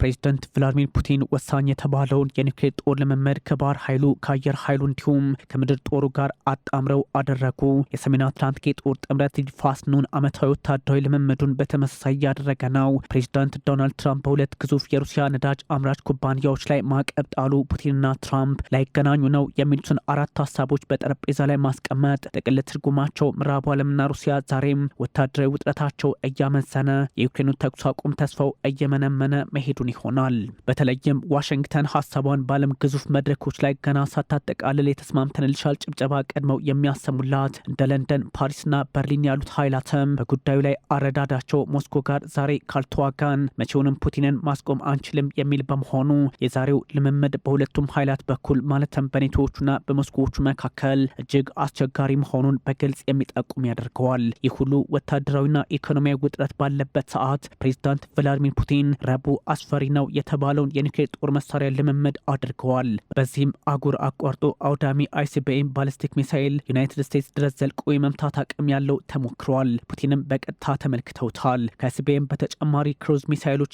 ፕሬዚደንት ቭላዲሚር ፑቲን ወሳኝ የተባለውን የኒውክሌር ጦር ልምምድ ከባህር ኃይሉ ከአየር ኃይሉ እንዲሁም ከምድር ጦሩ ጋር አጣምረው አደረጉ። የሰሜን አትላንቲክ የጦር ጥምረት ፋስኖን ዓመታዊ ወታደራዊ ልምምዱን በተመሳሳይ እያደረገ ነው። ፕሬዚዳንት ዶናልድ ትራምፕ በሁለት ግዙፍ የሩሲያ ነዳጅ አምራች ኩባንያዎች ላይ ማዕቀብ ጣሉ። ፑቲንና ትራምፕ ላይገናኙ ነው የሚሉትን አራት ሀሳቦች በጠረጴዛ ላይ ማስቀመጥ ጥቅል ትርጉማቸው ምዕራቡ ዓለምና ሩሲያ ዛሬም ወታደራዊ ውጥረታቸው እያመዘነ የዩክሬኑ ተኩስ አቁም ተስፋው እየመነመነ መሄዱ እውን ይሆናል። በተለይም ዋሽንግተን ሀሳቧን በዓለም ግዙፍ መድረኮች ላይ ገና ሳታጠቃልል የተስማምተንልሻል ጭብጨባ ቀድመው የሚያሰሙላት እንደ ለንደን፣ ፓሪስና በርሊን ያሉት ኃይላትም በጉዳዩ ላይ አረዳዳቸው ሞስኮ ጋር ዛሬ ካልተዋጋን መቼውንም ፑቲንን ማስቆም አንችልም የሚል በመሆኑ የዛሬው ልምምድ በሁለቱም ኃይላት በኩል ማለትም በኔቶዎቹና በሞስኮዎቹ መካከል እጅግ አስቸጋሪ መሆኑን በግልጽ የሚጠቁም ያደርገዋል። ይህ ሁሉ ወታደራዊና ኢኮኖሚያዊ ውጥረት ባለበት ሰዓት ፕሬዚዳንት ቭላዲሚር ፑቲን ረቡዕ አስፈ አስከባሪ ነው የተባለውን የኒውክሌር ጦር መሳሪያ ልምምድ አድርገዋል። በዚህም አጉር አቋርጦ አውዳሚ አይሲቢኤም ባሊስቲክ ሚሳኤል ዩናይትድ ስቴትስ ድረስ ዘልቆ የመምታት አቅም ያለው ተሞክሯል። ፑቲንም በቀጥታ ተመልክተውታል። ከአይሲቢኤም በተጨማሪ ክሩዝ ሚሳኤሎች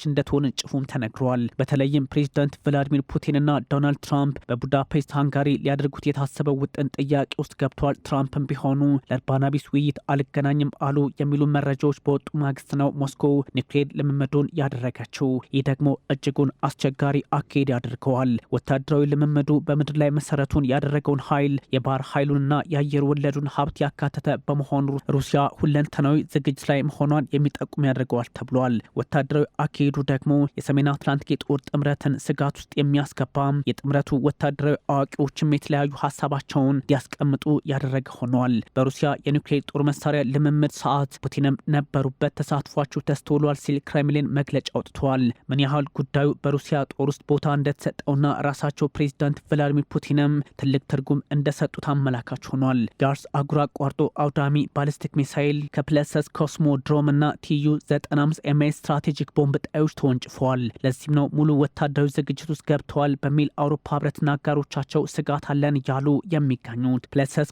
ጭፉም ተነግሯል። በተለይም ፕሬዚዳንት ቭላዲሚር ፑቲንና ዶናልድ ትራምፕ በቡዳፔስት ሃንጋሪ ሊያደርጉት የታሰበው ውጥን ጥያቄ ውስጥ ገብተዋል። ትራምፕም ቢሆኑ ለእርባናቢስ ውይይት አልገናኝም አሉ የሚሉ መረጃዎች በወጡ ማግስት ነው ሞስኮ ኒውክሌር ልምምዱን ያደረገችው። ይህ ደግሞ እጅጉን አስቸጋሪ አካሄድ አድርገዋል። ወታደራዊ ልምምዱ በምድር ላይ መሰረቱን ያደረገውን ኃይል የባህር ኃይሉንና የአየር ወለዱን ሀብት ያካተተ በመሆኑ ሩሲያ ሁለንተናዊ ዝግጅት ላይ መሆኗን የሚጠቁም ያደርገዋል ተብሏል። ወታደራዊ አካሄዱ ደግሞ የሰሜን አትላንቲክ የጦር ጥምረትን ስጋት ውስጥ የሚያስገባም የጥምረቱ ወታደራዊ አዋቂዎችም የተለያዩ ሀሳባቸውን እንዲያስቀምጡ ያደረገ ሆኗል። በሩሲያ የኒውክሌር ጦር መሳሪያ ልምምድ ሰዓት ፑቲንም ነበሩበት፣ ተሳትፏቸው ተስተውሏል ሲል ክሬምሊን መግለጫ አውጥተዋል። ምን ያህል ጀኔራል ጉዳዩ በሩሲያ ጦር ውስጥ ቦታ እንደተሰጠውና ራሳቸው ፕሬዚዳንት ቭላዲሚር ፑቲንም ትልቅ ትርጉም እንደሰጡት አመላካች ሆኗል። ጋርስ አጉር አቋርጦ አውዳሚ ባሊስቲክ ሚሳይል ከፕለሰስ ድሮም እና ቲዩ 95 ኤምኤስ ስትራቴጂክ ቦምብ ጣዮች ተወንጭፈዋል። ለዚህም ነው ሙሉ ወታደራዊ ዝግጅት ውስጥ ገብተዋል በሚል አውሮፓ ህብረትና አጋሮቻቸው ስጋት አለን እያሉ የሚገኙት። ፕለሰስ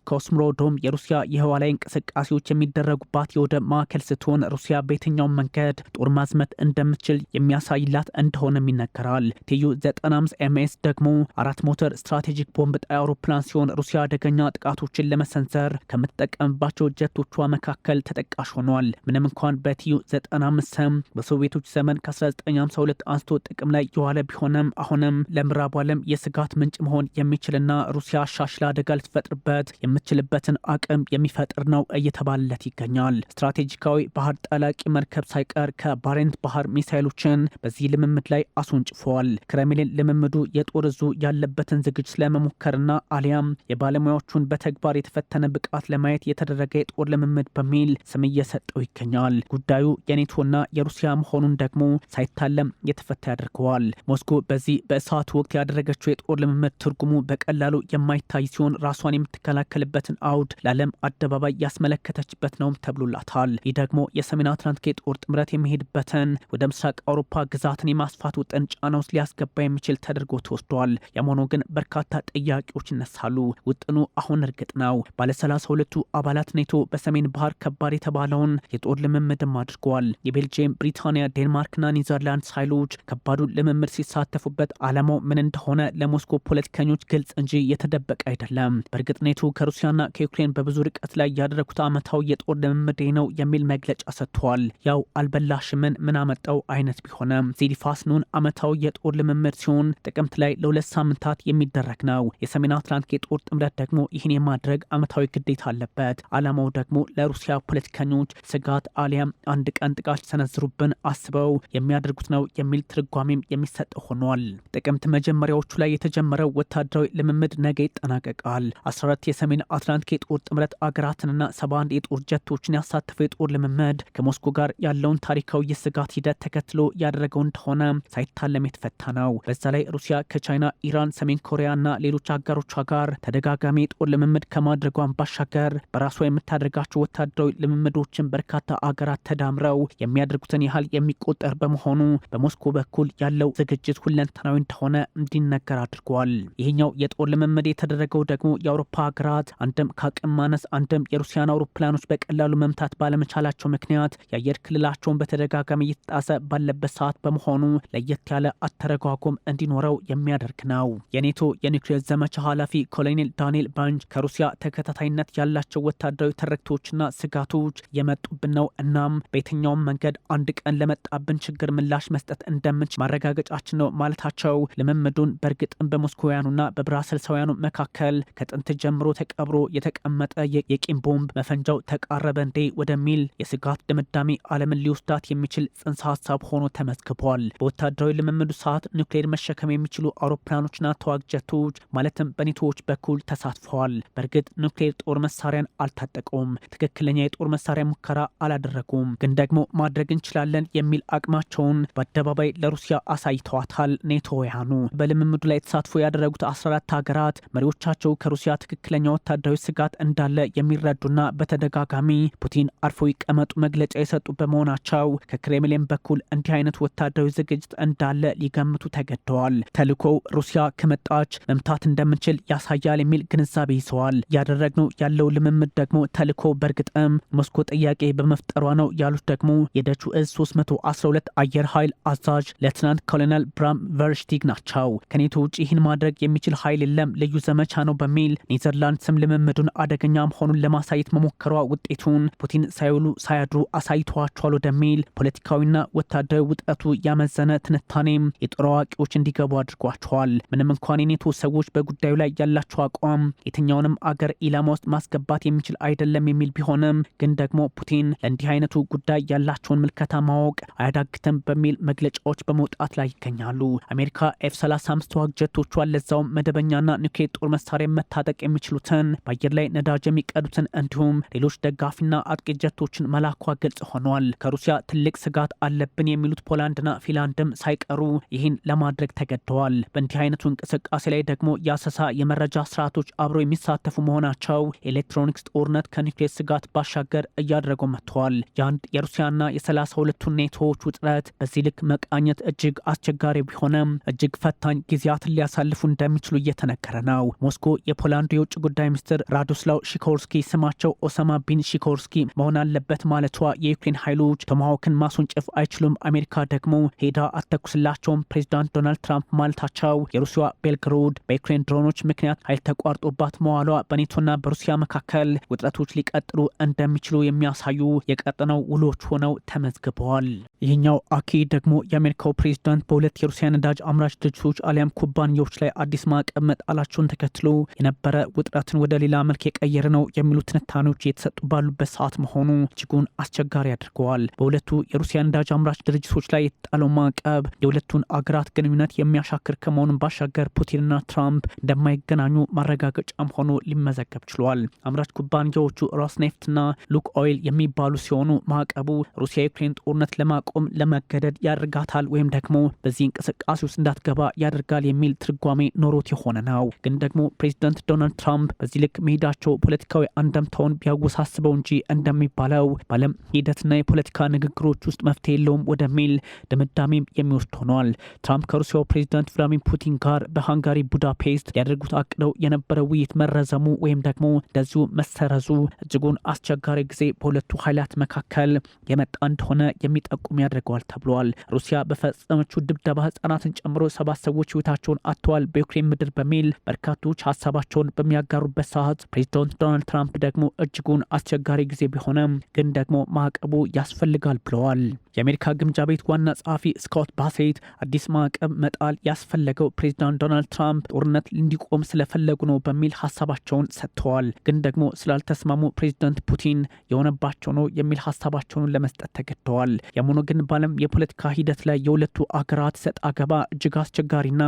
ድሮም የሩሲያ የህዋ ላይ እንቅስቃሴዎች የሚደረጉባት የወደብ ማዕከል ስትሆን ሩሲያ በየትኛውም መንገድ ጦር ማዝመት እንደምትችል የሚያሳይላት እንደሆነም ይነገራል። ቲዩ 95 ኤምኤስ ደግሞ አራት ሞተር ስትራቴጂክ ቦምብ ጣይ አውሮፕላን ሲሆን ሩሲያ አደገኛ ጥቃቶችን ለመሰንዘር ከምትጠቀምባቸው ጀቶቿ መካከል ተጠቃሽ ሆኗል። ምንም እንኳን በቲዩ 95 ስም በሶቪየቶች ዘመን ከ1952 አንስቶ ጥቅም ላይ የዋለ ቢሆንም አሁንም ለምዕራቡ ዓለም የስጋት ምንጭ መሆን የሚችልና ሩሲያ ሻሽላ አደጋ ልትፈጥርበት የምትችልበትን አቅም የሚፈጥር ነው እየተባለለት ይገኛል። ስትራቴጂካዊ ባህር ጠላቂ መርከብ ሳይቀር ከባሬንት ባህር ሚሳይሎችን በዚህ ልምምድ ልምምድ ላይ አስወንጭፈዋል። ክረምሊን ልምምዱ የጦር እዙ ያለበትን ዝግጅት ለመሞከርና አሊያም የባለሙያዎቹን በተግባር የተፈተነ ብቃት ለማየት የተደረገ የጦር ልምምድ በሚል ስም እየሰጠው ይገኛል። ጉዳዩ የኔቶና የሩሲያ መሆኑን ደግሞ ሳይታለም የተፈታ ያደርገዋል። ሞስኮ በዚህ በእሳት ወቅት ያደረገችው የጦር ልምምድ ትርጉሙ በቀላሉ የማይታይ ሲሆን ራሷን የምትከላከልበትን አውድ ለዓለም አደባባይ ያስመለከተችበት ነውም ተብሎላታል። ይህ ደግሞ የሰሜን አትላንቲክ የጦር ጥምረት የሚሄድበትን ወደ ምስራቅ አውሮፓ ግዛትን የማስፋት ውጥን ጫና ውስጥ ሊያስገባ የሚችል ተደርጎ ተወስዷል። ያም ሆኖ ግን በርካታ ጥያቄዎች ይነሳሉ። ውጥኑ አሁን እርግጥ ነው። ባለ ሰላሳ ሁለቱ አባላት ኔቶ በሰሜን ባህር ከባድ የተባለውን የጦር ልምምድም አድርገዋል። የቤልጅየም፣ ብሪታንያ፣ ዴንማርክና ኒዘርላንድስ ኃይሎች ከባዱን ልምምድ ሲሳተፉበት ዓላማው ምን እንደሆነ ለሞስኮ ፖለቲከኞች ግልጽ እንጂ የተደበቀ አይደለም። በእርግጥ ኔቶ ከሩሲያና ከዩክሬን በብዙ ርቀት ላይ ያደረጉት ዓመታዊ የጦር ልምምድ ነው የሚል መግለጫ ሰጥተዋል። ያው አልበላሽምን ምን አመጣው አይነት ቢሆንም ሲዲፋ የባስኖን ዓመታዊ የጦር ልምምድ ሲሆን ጥቅምት ላይ ለሁለት ሳምንታት የሚደረግ ነው። የሰሜን አትላንቲክ የጦር ጥምረት ደግሞ ይህን የማድረግ ዓመታዊ ግዴታ አለበት። ዓላማው ደግሞ ለሩሲያ ፖለቲከኞች ስጋት አሊያም አንድ ቀን ጥቃት ሰነዝሩብን አስበው የሚያደርጉት ነው የሚል ትርጓሜም የሚሰጥ ሆኗል። ጥቅምት መጀመሪያዎቹ ላይ የተጀመረው ወታደራዊ ልምምድ ነገ ይጠናቀቃል። 14 የሰሜን አትላንቲክ የጦር ጥምረት አገራትንና 71 የጦር ጀቶችን ያሳተፈው የጦር ልምምድ ከሞስኮ ጋር ያለውን ታሪካዊ የስጋት ሂደት ተከትሎ ያደረገው እንደሆነ ከሆነ ሳይታለም የተፈታ ነው። በዛ ላይ ሩሲያ ከቻይና፣ ኢራን፣ ሰሜን ኮሪያና ሌሎች አጋሮቿ ጋር ተደጋጋሚ ጦር ልምምድ ከማድረጓን ባሻገር በራሷ የምታደርጋቸው ወታደራዊ ልምምዶችን በርካታ አገራት ተዳምረው የሚያደርጉትን ያህል የሚቆጠር በመሆኑ በሞስኮ በኩል ያለው ዝግጅት ሁለንተናዊ እንደሆነ እንዲነገር አድርጓል። ይህኛው የጦር ልምምድ የተደረገው ደግሞ የአውሮፓ ሀገራት አንድም ከአቅም ማነስ አንድም የሩሲያን አውሮፕላኖች በቀላሉ መምታት ባለመቻላቸው ምክንያት የአየር ክልላቸውን በተደጋጋሚ እየተጣሰ ባለበት ሰዓት በመሆኑ መሆኑ ለየት ያለ አተረጓጎም እንዲኖረው የሚያደርግ ነው። የኔቶ የኒውክሌር ዘመቻ ኃላፊ ኮሎኔል ዳንኤል ባንጅ ከሩሲያ ተከታታይነት ያላቸው ወታደራዊ ትርክቶችና ስጋቶች የመጡብን ነው። እናም በየትኛውም መንገድ አንድ ቀን ለመጣብን ችግር ምላሽ መስጠት እንደምንችል ማረጋገጫችን ነው ማለታቸው ልምምዱን በእርግጥም በሞስኮውያኑና በብራሰልሳውያኑ መካከል ከጥንት ጀምሮ ተቀብሮ የተቀመጠ የቂም ቦምብ መፈንጃው ተቃረበ እንዴ ወደሚል የስጋት ድምዳሜ ዓለምን ሊወስዳት የሚችል ጽንሰ ሀሳብ ሆኖ ተመዝግቧል። በወታደራዊ ልምምዱ ሰዓት ኒውክሌር መሸከም የሚችሉ አውሮፕላኖችና ተዋጊ ጀቶች ማለትም በኔቶዎች በኩል ተሳትፈዋል። በእርግጥ ኒውክሌር ጦር መሳሪያን አልታጠቀውም፣ ትክክለኛ የጦር መሳሪያ ሙከራ አላደረጉም። ግን ደግሞ ማድረግ እንችላለን የሚል አቅማቸውን በአደባባይ ለሩሲያ አሳይተዋታል። ኔቶውያኑ በልምምዱ ላይ ተሳትፎ ያደረጉት 14 ሀገራት መሪዎቻቸው ከሩሲያ ትክክለኛ ወታደራዊ ስጋት እንዳለ የሚረዱና በተደጋጋሚ ፑቲን አርፎ ይቀመጡ መግለጫ የሰጡ በመሆናቸው ከክሬምሊን በኩል እንዲህ አይነት ወታደራዊ ዝግጅት እንዳለ ሊገምቱ ተገደዋል። ተልዕኮው ሩሲያ ከመጣች መምታት እንደምንችል ያሳያል የሚል ግንዛቤ ይዘዋል። ያደረግነው ያለው ልምምድ ደግሞ ተልዕኮ በእርግጥም ሞስኮ ጥያቄ በመፍጠሯ ነው ያሉት ደግሞ የደቹ እዝ 312 አየር ኃይል አዛዥ ሌትናንት ኮሎኔል ብራም ቨርሽቲግ ናቸው። ከኔቶ ውጭ ይህን ማድረግ የሚችል ኃይል የለም፣ ልዩ ዘመቻ ነው በሚል ኔዘርላንድስም ልምምዱን አደገኛ መሆኑን ለማሳየት መሞከሯ ውጤቱን ፑቲን ሳይውሉ ሳያድሩ አሳይተዋቸዋል ወደሚል ፖለቲካዊና ወታደራዊ ውጥረቱ ያመ ያዘነ ትንታኔም የጦር አዋቂዎች እንዲገቡ አድርጓቸዋል። ምንም እንኳን የኔቶ ሰዎች በጉዳዩ ላይ ያላቸው አቋም የትኛውንም አገር ኢላማ ውስጥ ማስገባት የሚችል አይደለም የሚል ቢሆንም ግን ደግሞ ፑቲን ለእንዲህ አይነቱ ጉዳይ ያላቸውን ምልከታ ማወቅ አያዳግትም በሚል መግለጫዎች በመውጣት ላይ ይገኛሉ። አሜሪካ ኤፍ 35 ተዋጊ ጀቶቿን ለዛውም መደበኛና ኒውክሌር ጦር መሳሪያ መታጠቅ የሚችሉትን በአየር ላይ ነዳጅ የሚቀዱትን እንዲሁም ሌሎች ደጋፊና አጥቂ ጀቶችን መላኳ ግልጽ ሆኗል። ከሩሲያ ትልቅ ስጋት አለብን የሚሉት ፖላንድና ፊላ አንድም ሳይቀሩ ይህን ለማድረግ ተገድደዋል። በእንዲህ አይነቱ እንቅስቃሴ ላይ ደግሞ የአሰሳ የመረጃ ስርዓቶች አብሮ የሚሳተፉ መሆናቸው ኤሌክትሮኒክስ ጦርነት ከኒውክሌር ስጋት ባሻገር እያደረገው መጥተዋል። የአንድ የሩሲያና የሰላሳ ሁለቱ ኔቶዎች ውጥረት በዚህ ልክ መቃኘት እጅግ አስቸጋሪ ቢሆንም እጅግ ፈታኝ ጊዜያትን ሊያሳልፉ እንደሚችሉ እየተነገረ ነው። ሞስኮ የፖላንዱ የውጭ ጉዳይ ሚኒስትር ራዶስላው ሺኮርስኪ ስማቸው ኦሳማ ቢን ሺኮርስኪ መሆን አለበት ማለቷ የዩክሬን ኃይሎች ቶማሃውክን ማስወንጨፍ አይችሉም፣ አሜሪካ ደግሞ ሜዳ አተኩስላቸውም ፕሬዚዳንት ዶናልድ ትራምፕ ማለታቸው የሩሲያ ቤልግሮድ በዩክሬን ድሮኖች ምክንያት ኃይል ተቋርጦባት መዋሏ በኔቶና በሩሲያ መካከል ውጥረቶች ሊቀጥሉ እንደሚችሉ የሚያሳዩ የቀጠነው ውሎች ሆነው ተመዝግበዋል። ይህኛው አኪ ደግሞ የአሜሪካው ፕሬዚዳንት በሁለት የሩሲያ ነዳጅ አምራች ድርጅቶች አሊያም ኩባንያዎች ላይ አዲስ ማዕቀብ መጣላቸውን ተከትሎ የነበረ ውጥረትን ወደ ሌላ መልክ የቀየረ ነው የሚሉ ትንታኔዎች እየተሰጡ ባሉበት ሰዓት መሆኑ እጅጉን አስቸጋሪ አድርገዋል። በሁለቱ የሩሲያ ነዳጅ አምራች ድርጅቶች ላይ የተጣለው ማዕቀብ የሁለቱን አገራት ግንኙነት የሚያሻክር ከመሆኑን ባሻገር ፑቲንና ትራምፕ እንደማይገናኙ ማረጋገጫም ሆኖ ሊመዘገብ ችሏል። አምራች ኩባንያዎቹ ሮስኔፍትና ሉክ ኦይል የሚባሉ ሲሆኑ ማዕቀቡ ሩሲያ ዩክሬን ጦርነት ለማቆም ለመገደድ ያደርጋታል ወይም ደግሞ በዚህ እንቅስቃሴ ውስጥ እንዳትገባ ያደርጋል የሚል ትርጓሜ ኖሮት የሆነ ነው። ግን ደግሞ ፕሬዚደንት ዶናልድ ትራምፕ በዚህ ልክ መሄዳቸው ፖለቲካዊ አንደምታውን ቢያወሳስበው እንጂ እንደሚባለው በዓለም ሂደትና የፖለቲካ ንግግሮች ውስጥ መፍትሄ የለውም ወደሚል ድምዳሜ ፍጻሜም የሚወስድ ሆነዋል። ትራምፕ ከሩሲያው ፕሬዚዳንት ቭላድሚር ፑቲን ጋር በሃንጋሪ ቡዳፔስት ሊያደርጉት አቅደው የነበረ ውይይት መረዘሙ ወይም ደግሞ እንደዚሁ መሰረዙ እጅጉን አስቸጋሪ ጊዜ በሁለቱ ኃይላት መካከል የመጣ እንደሆነ የሚጠቁም ያደርገዋል ተብለዋል። ሩሲያ በፈጸመችው ድብደባ ህጻናትን ጨምሮ ሰባት ሰዎች ህይወታቸውን አጥተዋል በዩክሬን ምድር በሚል በርካቶች ሀሳባቸውን በሚያጋሩበት ሰዓት ፕሬዚዳንት ዶናልድ ትራምፕ ደግሞ እጅጉን አስቸጋሪ ጊዜ ቢሆንም ግን ደግሞ ማዕቀቡ ያስፈልጋል ብለዋል። የአሜሪካ ግምጃ ቤት ዋና ጸሐፊ ስኮት ባሴት አዲስ ማዕቀብ መጣል ያስፈለገው ፕሬዚዳንት ዶናልድ ትራምፕ ጦርነት እንዲቆም ስለፈለጉ ነው በሚል ሀሳባቸውን ሰጥተዋል። ግን ደግሞ ስላልተስማሙ ፕሬዚዳንት ፑቲን የሆነባቸው ነው የሚል ሀሳባቸውን ለመስጠት ተገድተዋል። ያም ግን በዓለም የፖለቲካ ሂደት ላይ የሁለቱ አገራት ሰጥ አገባ እጅግ አስቸጋሪና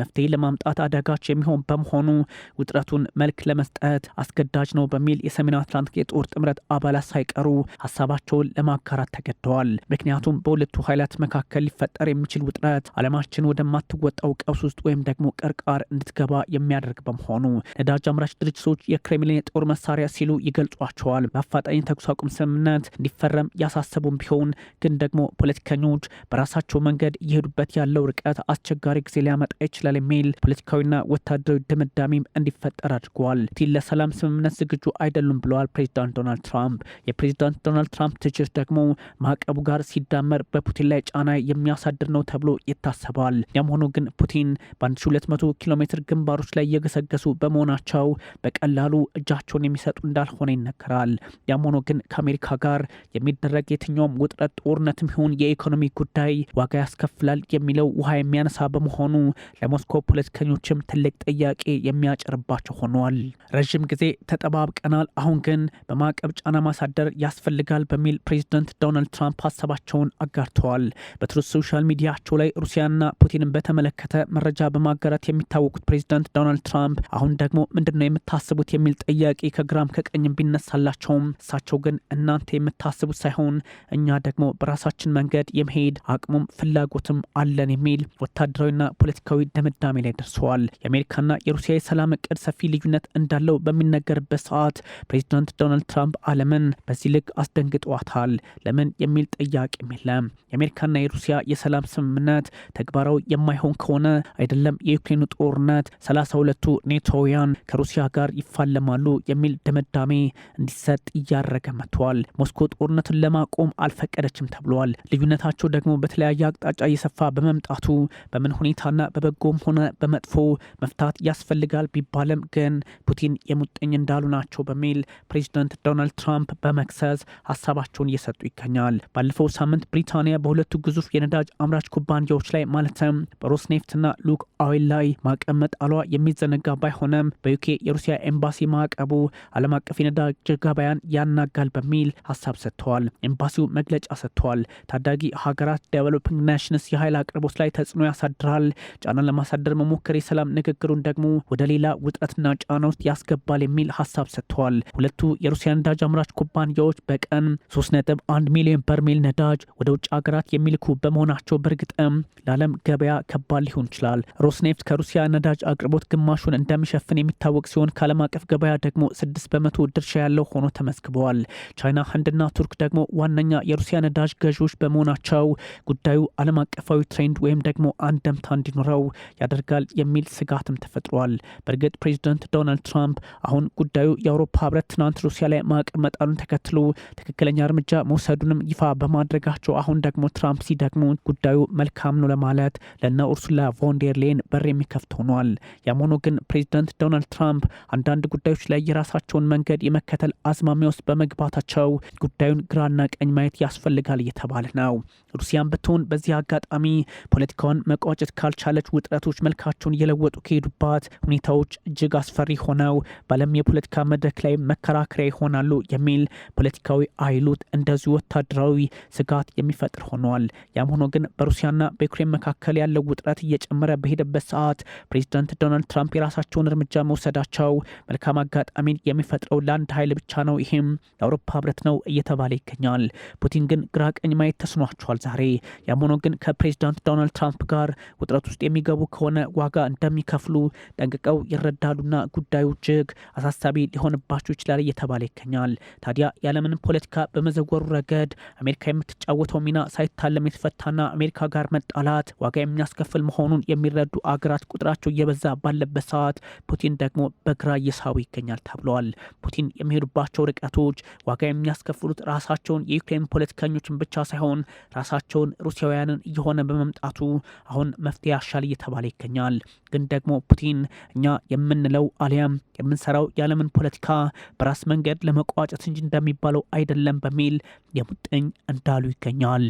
መፍትሄ ለማምጣት አዳጋች የሚሆን በመሆኑ ውጥረቱን መልክ ለመስጠት አስገዳጅ ነው በሚል የሰሜን አትላንቲክ የጦር ጥምረት አባላት ሳይቀሩ ሀሳባቸውን ለማጋራት ተገድተዋል። ምክንያቱም በሁለቱ ኃይላት መካከል ሊፈጠር የሚችል ውጥረት አለማችን ወደማትወጣው ቀውስ ውስጥ ወይም ደግሞ ቅርቃር እንድትገባ የሚያደርግ በመሆኑ ነዳጅ አምራች ድርጅቶች የክሬምሊን የጦር መሳሪያ ሲሉ ይገልጿቸዋል። በአፋጣኝ ተኩስ አቁም ስምምነት እንዲፈረም ያሳሰቡም ቢሆን ግን ደግሞ ፖለቲከኞች በራሳቸው መንገድ እየሄዱበት ያለው ርቀት አስቸጋሪ ጊዜ ሊያመጣ ይችላል የሚል ፖለቲካዊና ወታደራዊ ድምዳሜም እንዲፈጠር አድርገዋል። ፑቲን ለሰላም ስምምነት ዝግጁ አይደሉም ብለዋል ፕሬዚዳንት ዶናልድ ትራምፕ። የፕሬዚዳንት ዶናልድ ትራምፕ ትችት ደግሞ ማዕቀቡ ጋር ሲዳመር በፑቲን ላይ ጫና የሚያሳድር ነው ተብሎ ይታሰባል። ያም ሆኖ ግን ፑቲን በ1200 ኪሎ ሜትር ግንባሮች ላይ እየገሰገሱ በመሆናቸው በቀላሉ እጃቸውን የሚሰጡ እንዳልሆነ ይነገራል። ያም ሆኖ ግን ከአሜሪካ ጋር የሚደረግ የትኛውም ውጥረት ጦርነትም ይሁን የኢኮኖሚ ጉዳይ ዋጋ ያስከፍላል የሚለው ውሃ የሚያነሳ በመሆኑ ለሞስኮ ፖለቲከኞችም ትልቅ ጥያቄ የሚያጨርባቸው ሆኗል። ረዥም ጊዜ ተጠባብቀናል፣ አሁን ግን በማዕቀብ ጫና ማሳደር ያስፈልጋል በሚል ፕሬዚደንት ዶናልድ ትራምፕ ሀሳባቸውን አጋርተዋል። በትሩ ሶሻል ሚዲያቸው ላይ ሩሲያና ፑቲንን በተመለከተ መረጃ በማጋራት የሚታወቁት ፕሬዚዳንት ዶናልድ ትራምፕ አሁን ደግሞ ምንድን ነው የምታስቡት የሚል ጥያቄ ከግራም ከቀኝም ቢነሳላቸውም እሳቸው ግን እናንተ የምታስቡት ሳይሆን እኛ ደግሞ በራሳችን መንገድ የመሄድ አቅሙም ፍላጎትም አለን የሚል ወታደራዊና ፖለቲካዊ ድምዳሜ ላይ ደርሰዋል። የአሜሪካና የሩሲያ የሰላም እቅድ ሰፊ ልዩነት እንዳለው በሚነገርበት ሰዓት ፕሬዚዳንት ዶናልድ ትራምፕ ዓለምን በዚህ ልክ አስደንግጠዋታል። ለምን የሚል ጥያቄም የለም። የአሜሪካና የሩሲያ የሰላም ስምምነት ተግባራዊ የማይሆን ከሆነ አይደለም የዩክሬኑ ጦርነት ሰላሳ ሁለቱ ኔቶውያን ከሩሲያ ጋር ይፋለማሉ የሚል ድምዳሜ እንዲሰጥ እያደረገ መጥተዋል። ሞስኮ ጦርነቱን ለማቆም አልፈቀደችም ተብሏል። ልዩነታቸው ደግሞ በተለያየ አቅጣጫ እየሰፋ በመምጣቱ በምን ሁኔታና በበጎም ሆነ በመጥፎ መፍታት ያስፈልጋል ቢባልም ግን ፑቲን የሙጥኝ እንዳሉ ናቸው በሚል ፕሬዚደንት ዶናልድ ትራምፕ በመክሰስ ሀሳባቸውን እየሰጡ ይገኛል። ባለፈው ሳምንት ብሪታንያ በሁለቱ ግዙፍ የነ ነዳጅ አምራች ኩባንያዎች ላይ ማለትም በሮስኔፍትና ሉክ ኦይል ላይ ማዕቀብ መጣሏ የሚዘነጋ ባይሆንም በዩኬ የሩሲያ ኤምባሲ ማዕቀቡ ዓለም አቀፍ የነዳጅ ገበያን ያናጋል በሚል ሀሳብ ሰጥተዋል። ኤምባሲው መግለጫ ሰጥተዋል። ታዳጊ ሀገራት ዴቨሎፒንግ ናሽንስ የኃይል አቅርቦት ላይ ተጽዕኖ ያሳድራል። ጫናን ለማሳደር መሞከር የሰላም ንግግሩን ደግሞ ወደ ሌላ ውጥረትና ጫና ውስጥ ያስገባል የሚል ሀሳብ ሰጥተዋል። ሁለቱ የሩሲያ ነዳጅ አምራች ኩባንያዎች በቀን 3.1 ሚሊዮን በርሜል ነዳጅ ወደ ውጭ ሀገራት የሚልኩ በመሆ መሆናቸው በእርግጥም ለዓለም ገበያ ከባድ ሊሆን ይችላል። ሮስኔፍት ከሩሲያ ነዳጅ አቅርቦት ግማሹን እንደሚሸፍን የሚታወቅ ሲሆን ከዓለም አቀፍ ገበያ ደግሞ ስድስት በመቶ ድርሻ ያለው ሆኖ ተመዝግበዋል። ቻይና፣ ህንድና ቱርክ ደግሞ ዋነኛ የሩሲያ ነዳጅ ገዢዎች በመሆናቸው ጉዳዩ ዓለም አቀፋዊ ትሬንድ ወይም ደግሞ አንደምታ እንዲኖረው ያደርጋል የሚል ስጋትም ተፈጥሯል። በእርግጥ ፕሬዚደንት ዶናልድ ትራምፕ አሁን ጉዳዩ የአውሮፓ ህብረት ትናንት ሩሲያ ላይ ማዕቀብ መጣሉን ተከትሎ ትክክለኛ እርምጃ መውሰዱንም ይፋ በማድረጋቸው አሁን ደግሞ ትራምፕ ሲደግሙ ጉዳዩ መልካም ነው ለማለት ለነ ኡርሱላ ቮንዴርሌን በር የሚከፍት ሆኗል። ያም ሆኖ ግን ፕሬዚደንት ዶናልድ ትራምፕ አንዳንድ ጉዳዮች ላይ የራሳቸውን መንገድ የመከተል አዝማሚያ ውስጥ በመግባታቸው ጉዳዩን ግራና ቀኝ ማየት ያስፈልጋል እየተባለ ነው። ሩሲያን ብትሆን በዚህ አጋጣሚ ፖለቲካዋን መቋጨት ካልቻለች ውጥረቶች መልካቸውን እየለወጡ ከሄዱባት ሁኔታዎች እጅግ አስፈሪ ሆነው በዓለም የፖለቲካ መድረክ ላይ መከራከሪያ ይሆናሉ የሚል ፖለቲካዊ አይሉት እንደዚሁ ወታደራዊ ስጋት የሚፈጥር ሆኗል። ያም ያም ሆኖ ግን በሩሲያና በዩክሬን መካከል ያለው ውጥረት እየጨመረ በሄደበት ሰዓት ፕሬዚዳንት ዶናልድ ትራምፕ የራሳቸውን እርምጃ መውሰዳቸው መልካም አጋጣሚን የሚፈጥረው ለአንድ ኃይል ብቻ ነው፣ ይህም ለአውሮፓ ህብረት ነው እየተባለ ይገኛል። ፑቲን ግን ግራ ቀኝ ማየት ተስኗቸዋል ዛሬ። ያም ሆኖ ግን ከፕሬዚዳንት ዶናልድ ትራምፕ ጋር ውጥረት ውስጥ የሚገቡ ከሆነ ዋጋ እንደሚከፍሉ ጠንቅቀው ይረዳሉና ጉዳዩ እጅግ አሳሳቢ ሊሆንባቸው ይችላል እየተባለ ይገኛል። ታዲያ የዓለምን ፖለቲካ በመዘወሩ ረገድ አሜሪካ የምትጫወተው ሚና ሳይታለም የተፈታ ከካናዳና አሜሪካ ጋር መጣላት ዋጋ የሚያስከፍል መሆኑን የሚረዱ አገራት ቁጥራቸው እየበዛ ባለበት ሰዓት ፑቲን ደግሞ በግራ እየሳቡ ይገኛል ተብለዋል። ፑቲን የሚሄዱባቸው ርቀቶች ዋጋ የሚያስከፍሉት ራሳቸውን የዩክሬን ፖለቲከኞችን ብቻ ሳይሆን ራሳቸውን ሩሲያውያንን እየሆነ በመምጣቱ አሁን መፍትሄ ያሻል እየተባለ ይገኛል። ግን ደግሞ ፑቲን እኛ የምንለው አሊያም የምንሰራው የዓለምን ፖለቲካ በራስ መንገድ ለመቋጨት እንጂ እንደሚባለው አይደለም በሚል የሙጥኝ እንዳሉ ይገኛል።